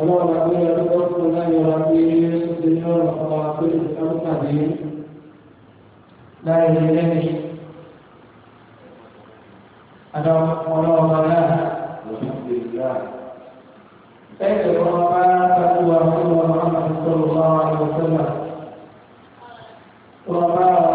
Ọlọ́run àti ẹ̀rọ tó ń lẹ́yìn ọ̀la pé ṣe ní ọ̀rọ̀ ọ̀la pé ìṣẹ́lú pàdé láì ní lẹ́yìn. Àdá ọlọ́run ọ̀la Ẹ̀sẹ̀ wọn bá tàbí wà fún wọn máa ń sọ̀rọ̀ bá wà lọ́sẹ̀lá. Wọ́n bá wà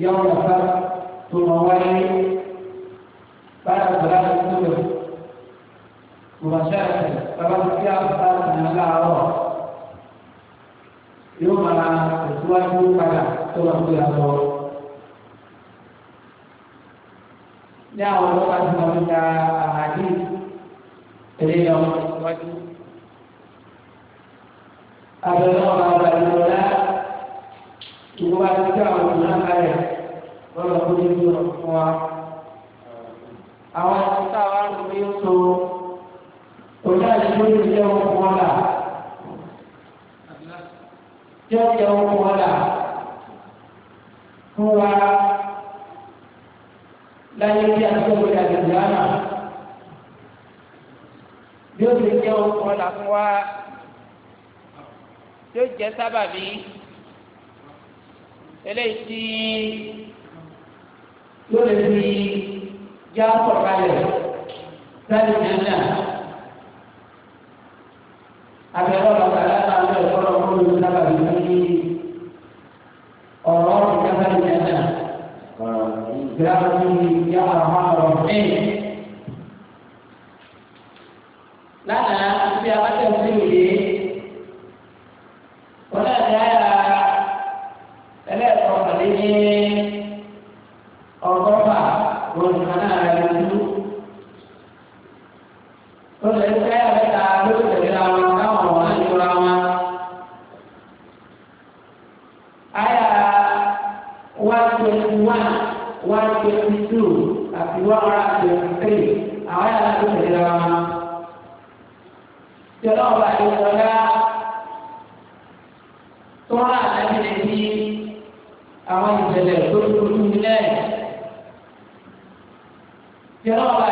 yang السبت ثم ولي بعد para الصبح مباشرة فقد في para من الله mana أنا أسوأ pada surah Al-Qur'an. Ní àwọn ọlọ́pàá ti máa ń ka àhàdí ìdílé ṣùgbọ́n bá ti ká àwọn ìlú àkàrẹ̀ lọ́nà tó ní ìlú fún wa. àwọn ìta wa ń gbé so òní àdìgbò yìí jẹ́ wọn fún wọn là jẹ́ wọn jẹ́ wọn fún wọn là fún wa láyé bí àtúntò ìdàgbàsókè àná bí ó ti jẹ́ wọn fún wọn là fún wa yóò jẹ́ sábàbí eléyìí tí yóò lè fi já sọ̀kalẹ̀ sẹ́yìn nílẹ̀ abẹ́rẹ́ ọ̀gá aláàbẹ̀ ọ̀gá ọ̀gá olùdábàbí ní. tí ti sọ yá tó ń rà lẹ́yìn tó tó ń lẹ̀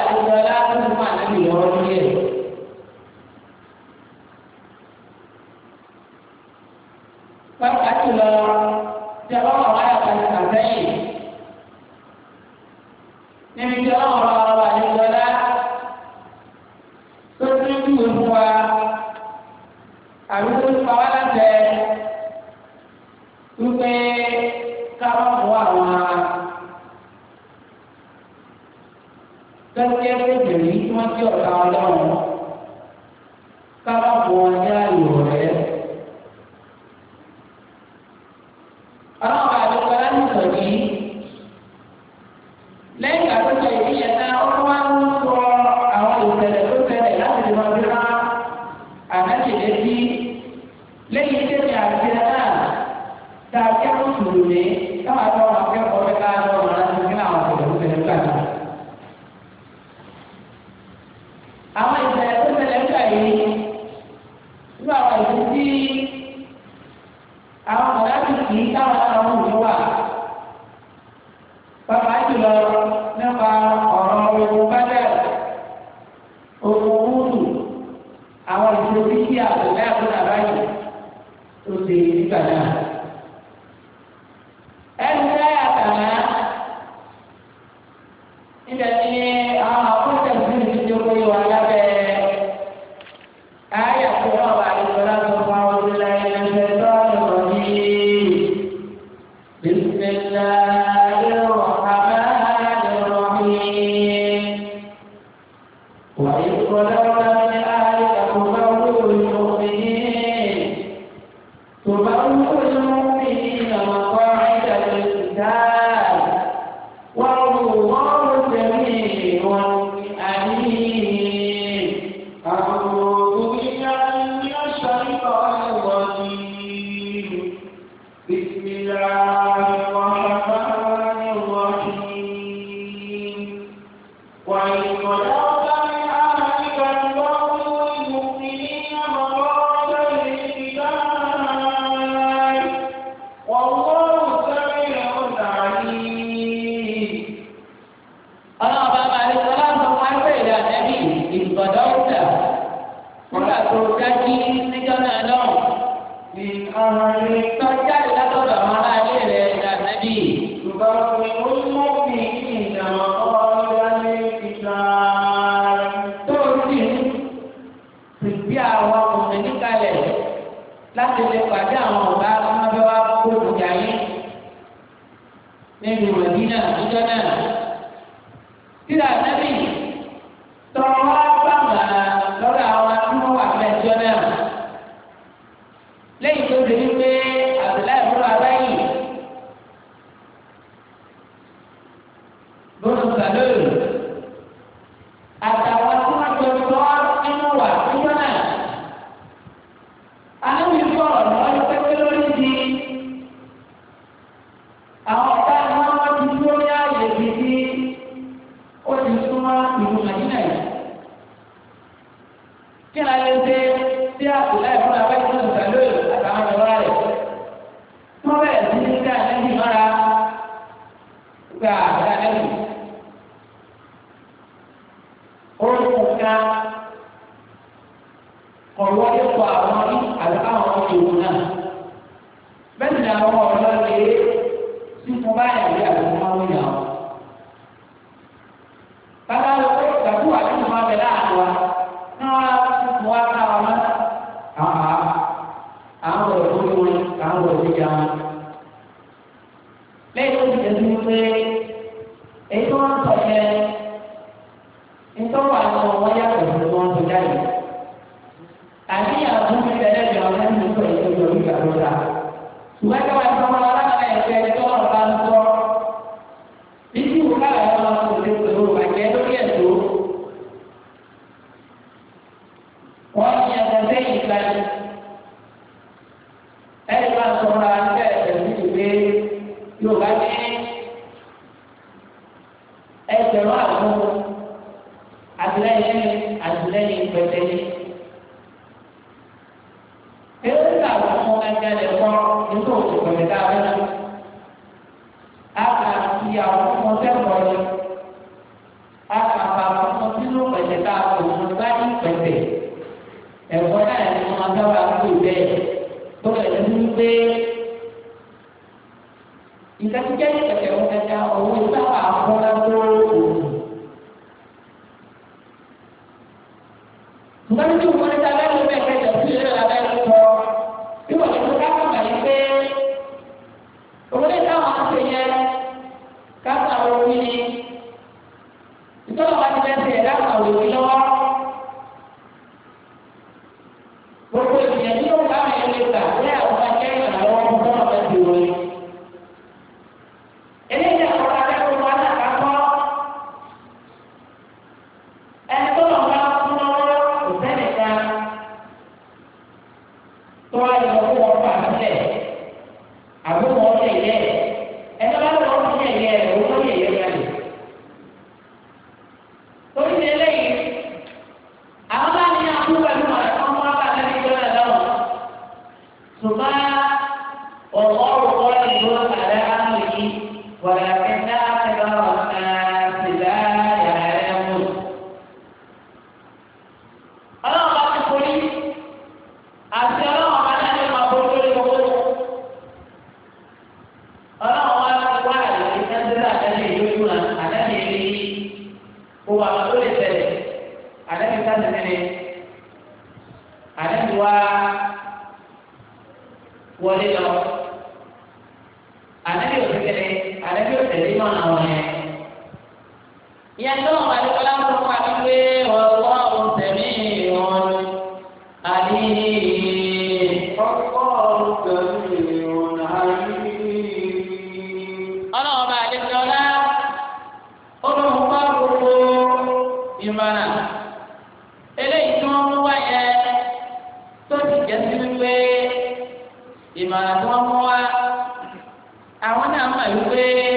他们不会。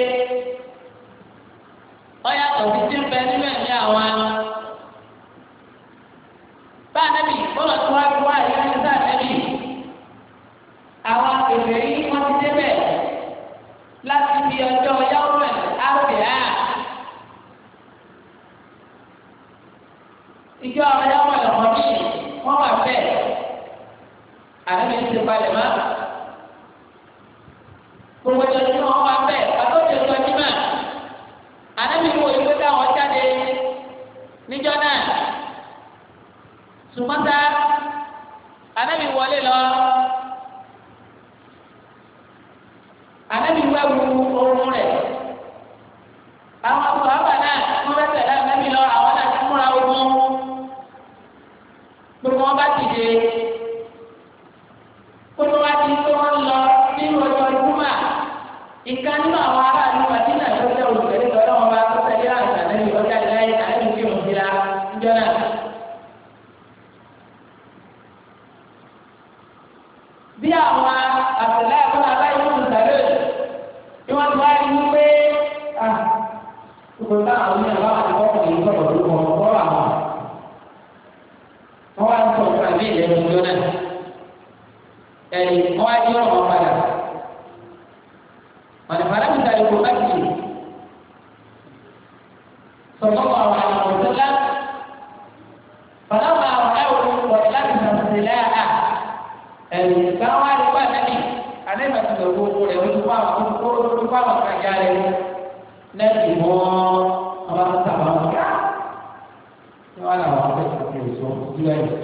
ní wọn làwọn akẹ́kọ̀ọ́ kò sọ ìdúrà yìí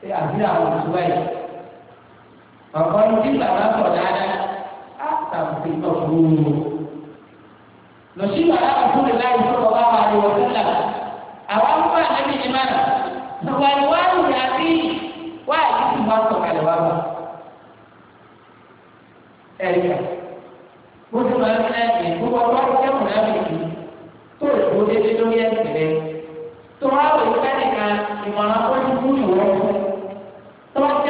ṣé àbí àwọn ìdúrà yìí bàbá ní kí bàbá sọ dáadáa á tàbí tó fún un lọ sí bàbá àbúrò láì tó bàbá wà ní wọ́n sílà àwọn ọmọ àlẹ́bí ni má wà ní wàá ní àbí wàá yìí ti wá sọ̀kalẹ̀ wá bá ẹ̀yà gbogbo àwọn ẹ̀sìn gbogbo ọgbà ìjẹun náà lè fi tó ìgbó dédé lórí ẹ̀sìn rẹ̀ tó wá wò ìmọ̀ràn ó ti kú fún tó wá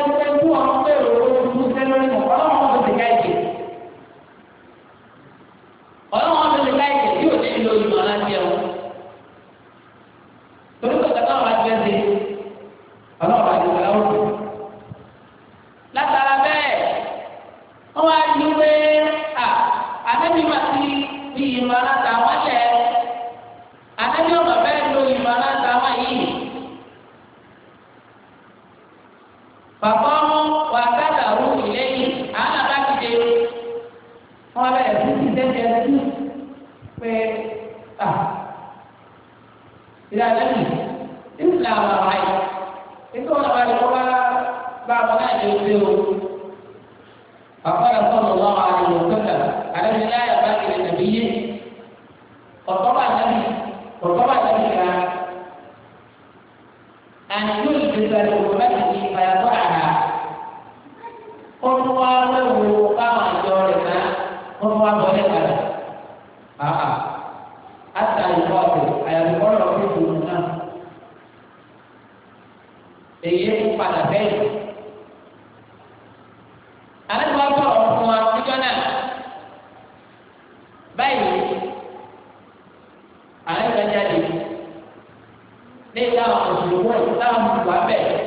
wà bẹ́ẹ̀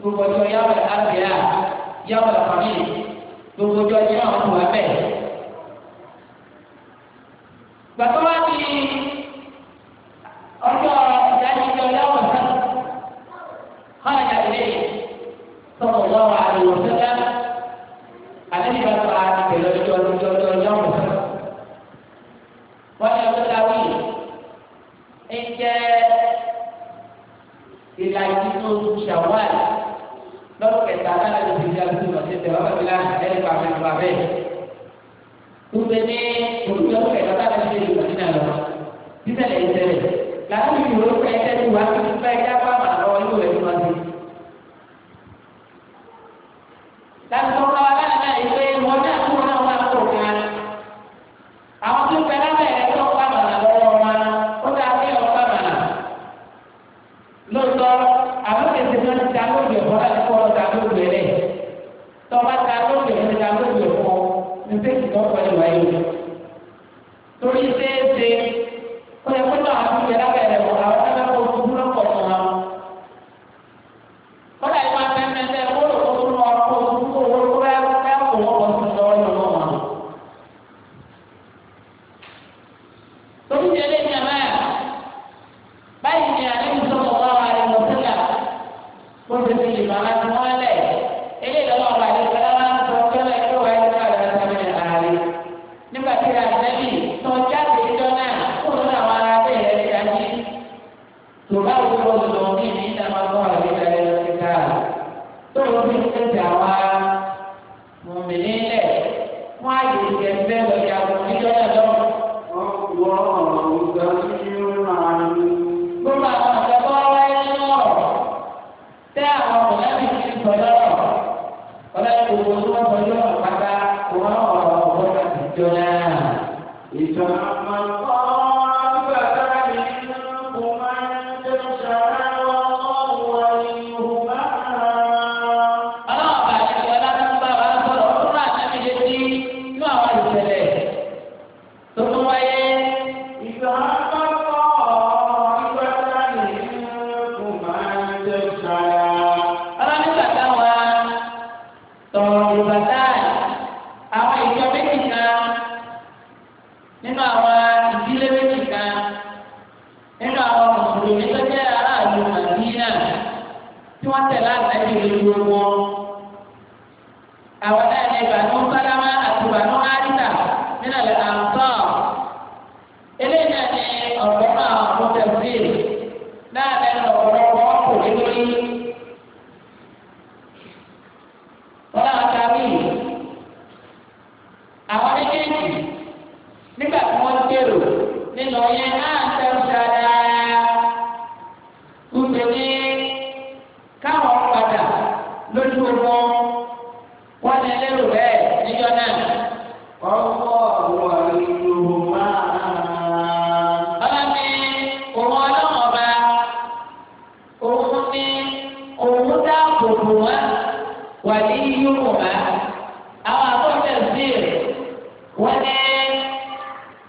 gbogbo ọjọ́ yàwọ̀ àbíyá yàwọ̀ àfàmì gbogbo ọjọ́ yàwọ̀ wà bẹ́ẹ̀. ربهما وليهما أو أبو تفسير وني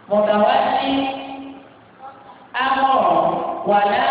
متولي أمر ولا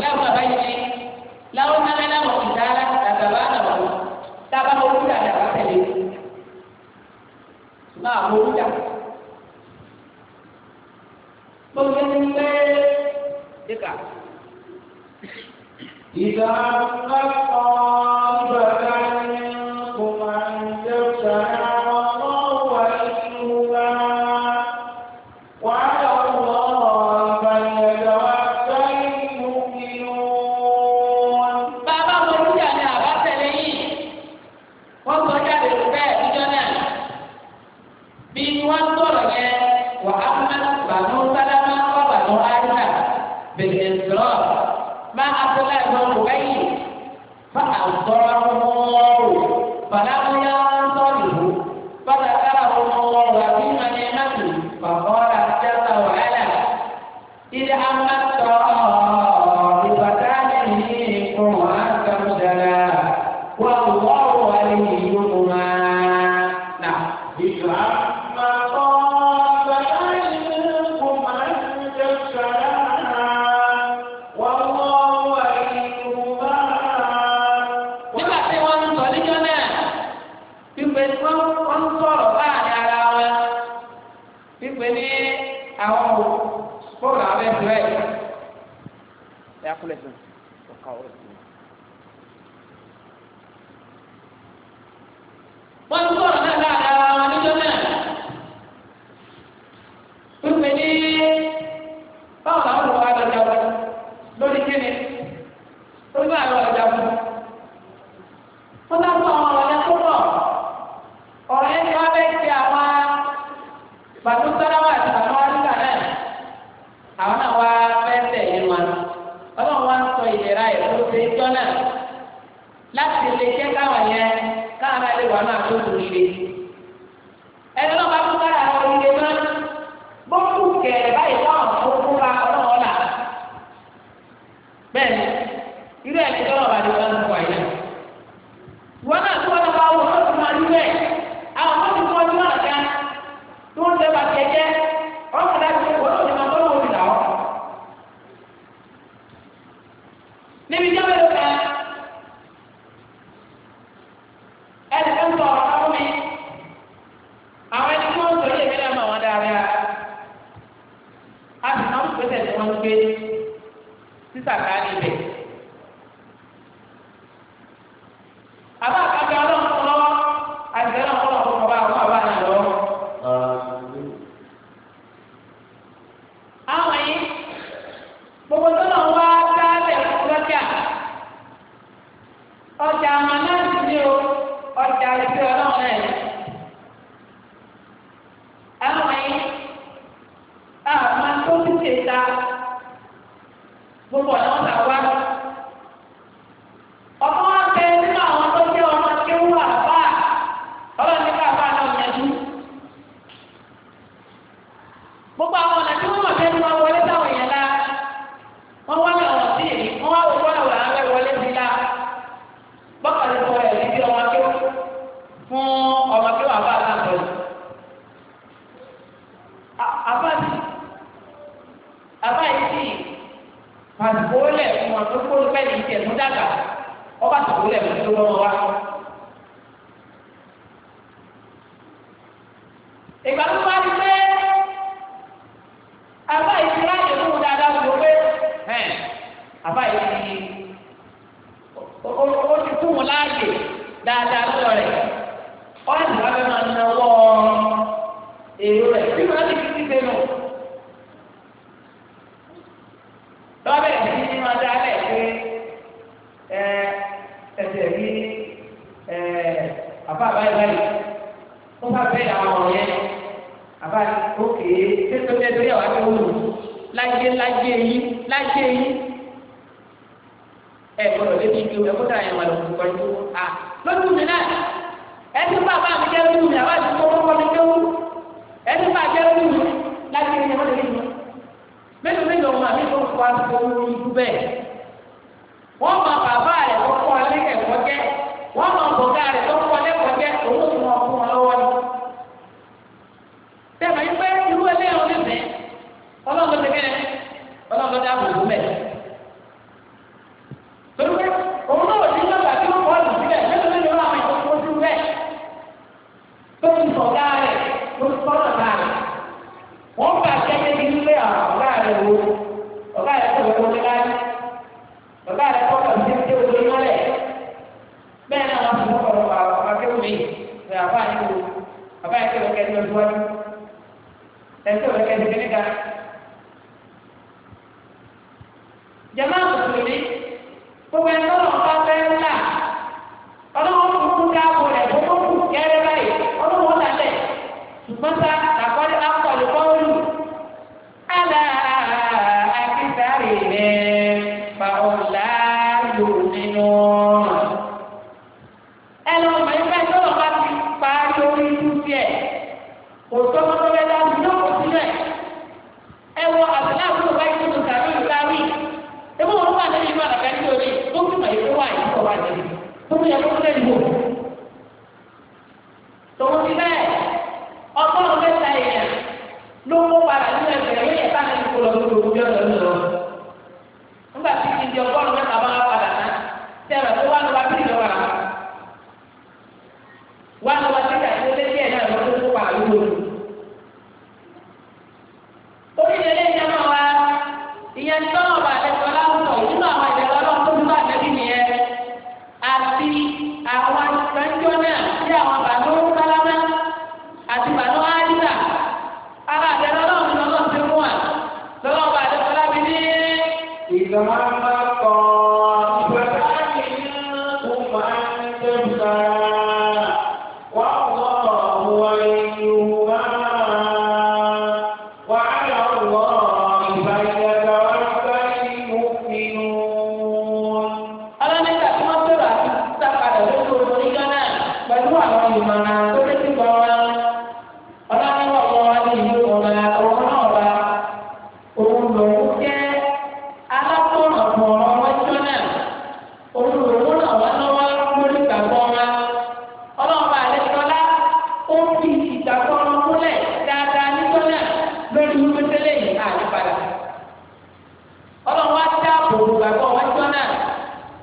Never àbáyé àbáyé sì pàṣípò lẹ̀ fún ọdún kó lópẹ́ ní ìtẹ̀mú dàgbà ọba tó lẹ̀ fún ọdún lọ́wọ́ wa.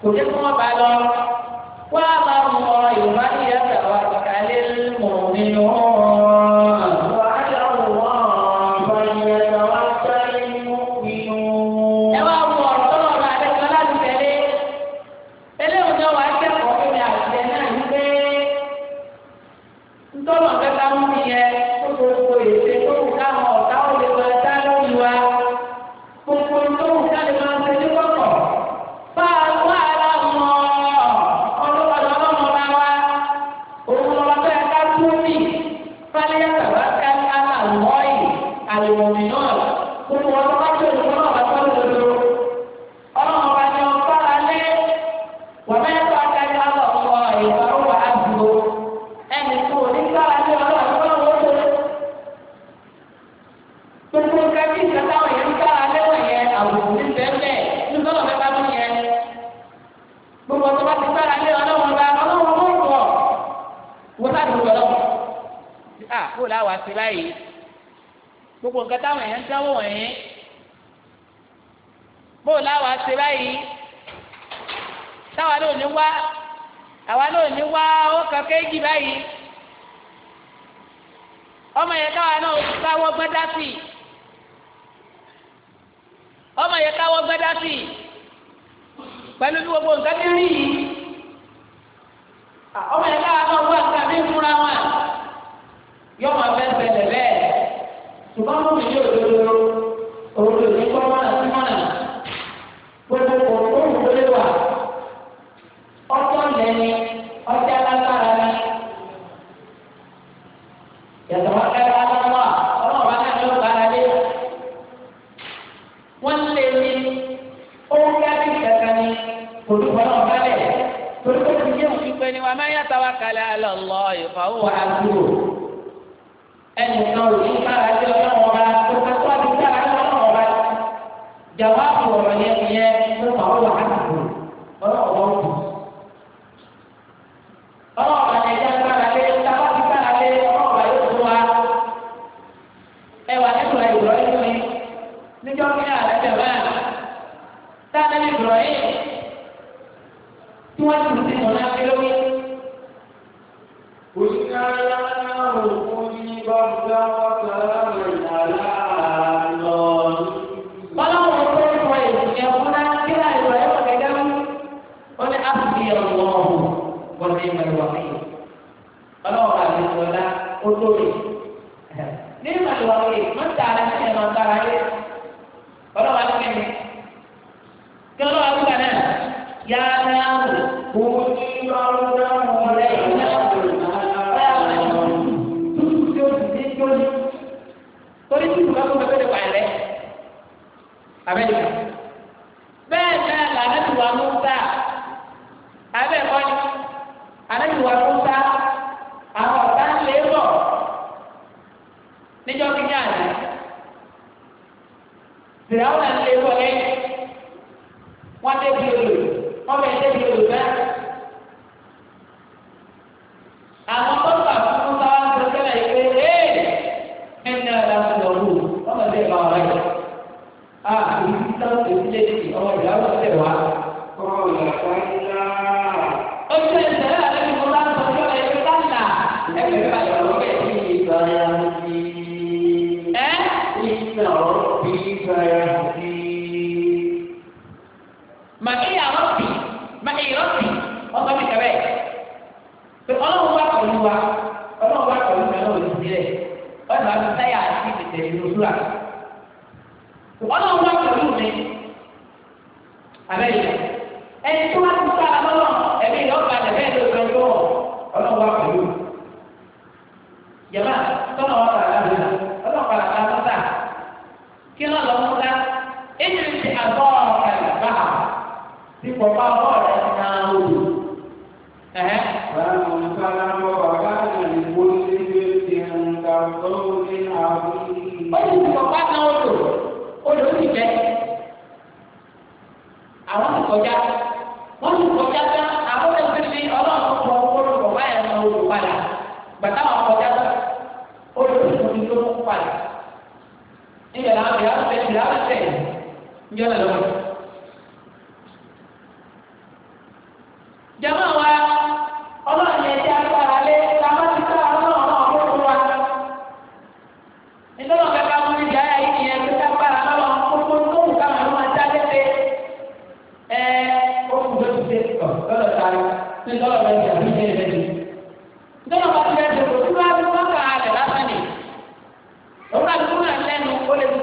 kò jẹ́ kó wọ́n bá lọ.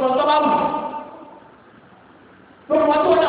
sọ tọ́ba wù gbogbo wọn tó wọn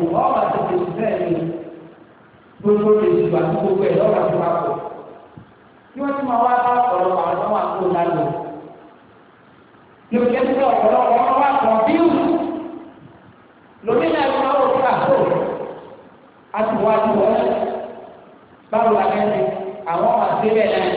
àsìkò ọ̀rọ̀ àtẹ̀tẹ̀ sí bẹ́ẹ̀ ni gbogbo èsì wà ní gbogbo ẹ̀ lọ́rọ̀ àti papọ̀. Bí wọ́n ti máa wá bá ọ̀pọ̀lọpọ̀ àwọn ọmọ àkókò lálẹ́. Yóò jẹ́ pé ọ̀pọ̀lọpọ̀ wọn wá kàn bíù. Lómìnà ìlú máa wò fún àpò. A ti wá ju wọn. Báwo la kẹ́ni? Àwọn ọmọ àti bẹ́ẹ̀ náà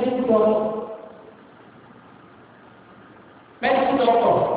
medical doctor medical doctor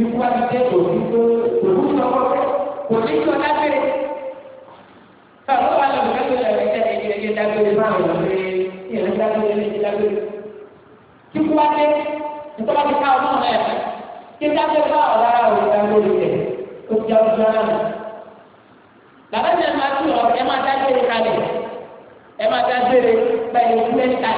ikú àtijọ́ òbí tó òbí sọ̀rọ̀ kò ní sọ lábẹ́rẹ́. Báwo wà lọ́wọ́ dágbére ẹ̀rọ ìjà ẹ̀yẹ ẹ̀yẹ dágbére máa wọ̀ ní ẹ̀rọ dágbére ẹ̀yẹ dágbére. Kíkú wáyé nítorí ti ká ọmọ rẹ̀ kí dágbére bá ọ̀rọ̀ ara rẹ̀ dágbére rẹ̀ ó ti àwọn ọjọ́ náà. Bàbá mi máa tún ọ ẹ máa dágbére kalẹ̀ ẹ máa dágbére pẹ̀lú ìdílé níta.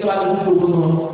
tó bá ti wúlò fún wọn.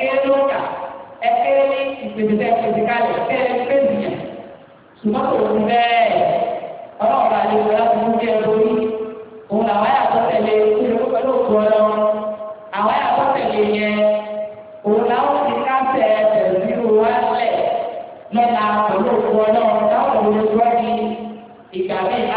ẹ̀kẹ́rẹ́ lọ́kà ẹ̀kẹ́rẹ́ ní ìpèsè ìpèsèkalẹ̀ ẹ̀kẹ́rẹ́ ní pẹ́ẹ́sìyàn ṣùgbọ́n kò ní bẹ́ẹ̀ ọlọ́ọ̀bà ni wọ́n yá fún jẹ́ lórí òun làwọn yà tó tẹ̀lé ìlú pẹ̀lú òkú ọlọ́ àwọn yà tó tẹ̀lé yẹn òun làwọn ti káńtẹ̀ pẹ̀lú wálẹ̀ lọ́la pẹ̀lú òkú ọlọ́